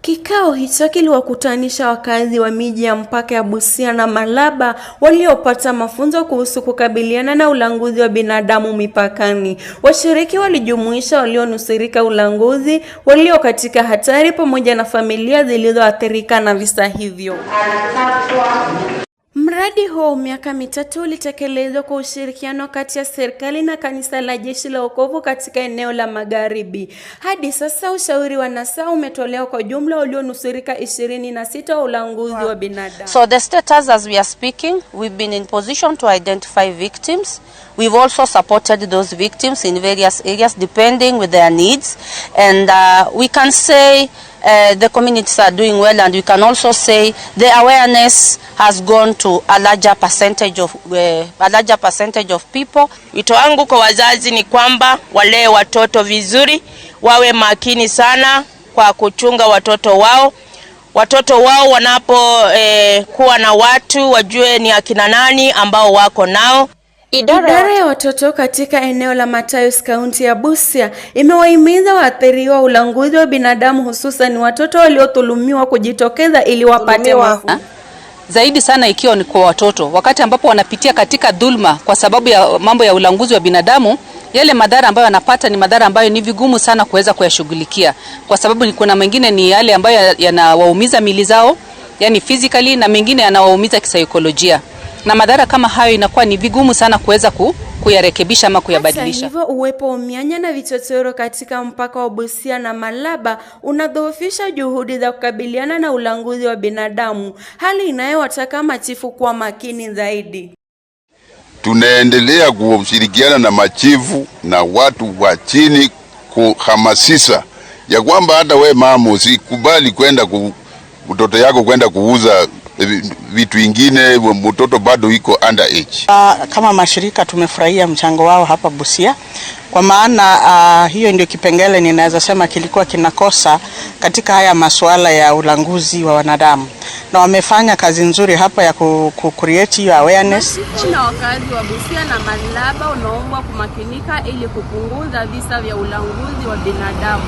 Kikao hicho kiliwakutanisha wakazi wa miji ya mpaka ya Busia na Malaba waliopata mafunzo kuhusu kukabiliana na ulanguzi wa binadamu mipakani. Washiriki walijumuisha walionusurika ulanguzi, walio katika hatari pamoja na familia zilizoathirika na visa hivyo. Mradi huo miaka mitatu ulitekelezwa kwa ushirikiano kati ya serikali na kanisa la Jeshi la Wokovu katika eneo la Magharibi. Hadi sasa ushauri wa NASA umetolewa kwa jumla walionusurika 26 wa ulanguzi wa binadamu. So the status as we are speaking, we've been in position to identify victims. We've also supported those victims in various areas depending with their needs and uh, we can say Eh, the communities are doing well and we can also say the awareness has gone to a larger percentage of, uh, a larger percentage of people. Wito wangu kwa wazazi ni kwamba walee watoto vizuri, wawe makini sana kwa kuchunga watoto wao. Watoto wao wanapokuwa eh, na watu wajue ni akina nani ambao wako nao. Idara ya watoto katika eneo la Matayos kaunti ya Busia imewahimiza waathiriwa ulanguzi wa binadamu hususan watoto waliodhulumiwa kujitokeza ili wapate Zaidi sana ikiwa ni kwa watoto wakati ambapo wanapitia katika dhulma kwa sababu ya mambo ya ulanguzi wa binadamu. Yale madhara ambayo wanapata ni madhara ambayo ni vigumu sana kuweza kuyashughulikia kwa sababu ni kuna mengine ni yale ambayo yanawaumiza mili zao, yani physically na mengine yanawaumiza kisaikolojia na madhara kama hayo inakuwa ni vigumu sana kuweza ku, kuyarekebisha ama kuyabadilisha. Hivyo uwepo wa mianya na vichochoro katika mpaka wa Busia na Malaba unadhoofisha juhudi za kukabiliana na ulanguzi wa binadamu, hali inayowataka machifu kuwa makini zaidi. Tunaendelea kushirikiana na machifu na watu wa chini kuhamasisha ya kwamba hata we mama usikubali kwenda ku, mtoto yako kwenda kuuza vitu ingine, mtoto bado iko under age. Ah, kama mashirika tumefurahia mchango wao hapa Busia kwa maana uh, hiyo ndio kipengele ninaweza sema kilikuwa kinakosa katika haya masuala ya ulanguzi wa wanadamu, na wamefanya kazi nzuri hapa ya ku create hiyo awareness. Na wakazi wa Busia na Malaba unaombwa kumakinika ili kupunguza visa vya ulanguzi wa binadamu.